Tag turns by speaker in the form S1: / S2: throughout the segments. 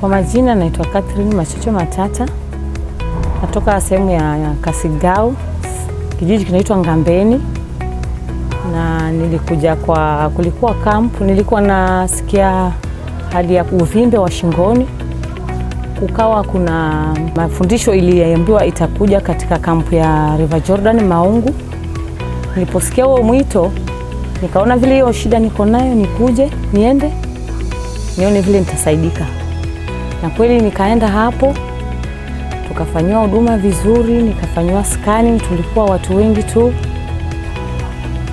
S1: Kwa majina naitwa Catherine Machocho Matata, natoka sehemu ya Kasigau, kijiji kinaitwa Ngambeni, na nilikuja kwa kulikuwa kampu, nilikuwa nasikia hali ya uvimbe wa shingoni, kukawa kuna mafundisho iliambiwa itakuja katika kampu ya River Jordan Maungu. Niliposikia huo mwito, nikaona vile hiyo shida niko nayo, nikuje niende nione vile nitasaidika na kweli nikaenda hapo tukafanyiwa huduma vizuri, nikafanyiwa scanning, tulikuwa watu wengi tu.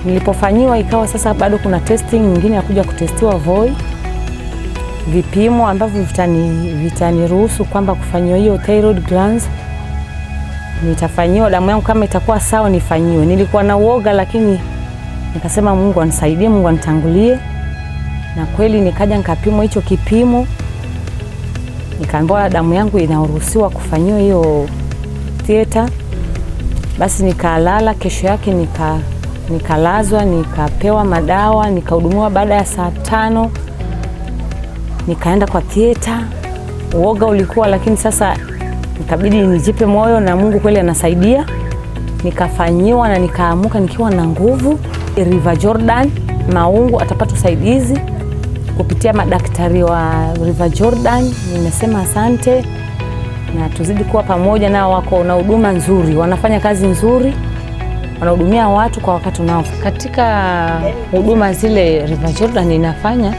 S1: Nilipofanyiwa ikawa sasa bado kuna testing nyingine ya kuja kutestiwa VOI, vipimo ambavyo vitaniruhusu vitani kwamba kufanyiwa hiyo thyroid glands, nitafanyiwa damu yangu kama itakuwa sawa nifanyiwe. Nilikuwa na uoga, lakini nikasema Mungu anisaidie, Mungu anitangulie, na kweli nikaja nikapimwa hicho kipimo nikaambiwa damu yangu inaruhusiwa kufanyiwa hiyo theater. Basi nikalala, kesho yake nika nikalazwa nikapewa madawa nikahudumiwa. Baada ya saa tano nikaenda kwa theta Uoga ulikuwa lakini sasa nikabidi nijipe moyo na Mungu kweli anasaidia. Nikafanyiwa na nikaamuka nikiwa na nguvu. River Jordan Maungu atapata usaidizi kupitia madaktari wa River Jordan. Nimesema asante na tuzidi kuwa pamoja nao, wako na huduma nzuri, wanafanya kazi nzuri, wanahudumia watu kwa wakati nao
S2: Katika huduma zile River Jordan inafanya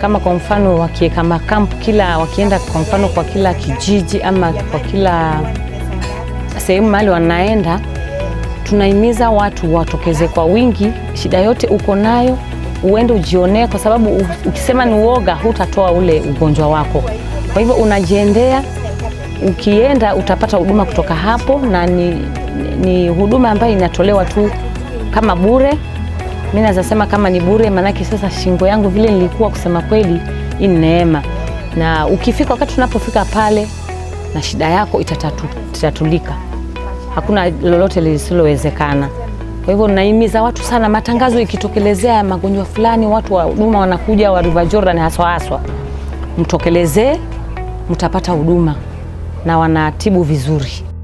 S2: kama kwa mfano wakiweka makampu kila wakienda kwa mfano kwa kila kijiji ama kwa kila sehemu mahali wanaenda, tunahimiza watu watokeze kwa wingi. Shida yote uko nayo uende ujionee, kwa sababu ukisema ni uoga hutatoa ule ugonjwa wako. Kwa hivyo unajiendea, ukienda utapata huduma kutoka hapo, na ni, ni huduma ambayo inatolewa tu kama bure. Mi naweza sema kama ni bure, maanake sasa shingo yangu vile nilikuwa, kusema kweli, hii ni neema. Na ukifika wakati tunapofika pale, na shida yako itatatu, Hakuna lolote lisilowezekana. Kwa hivyo naimiza watu sana, matangazo ikitokelezea ya magonjwa fulani, watu wa huduma wanakuja wa River Jordan haswa haswa, mtokelezee, mtapata huduma na wanatibu vizuri.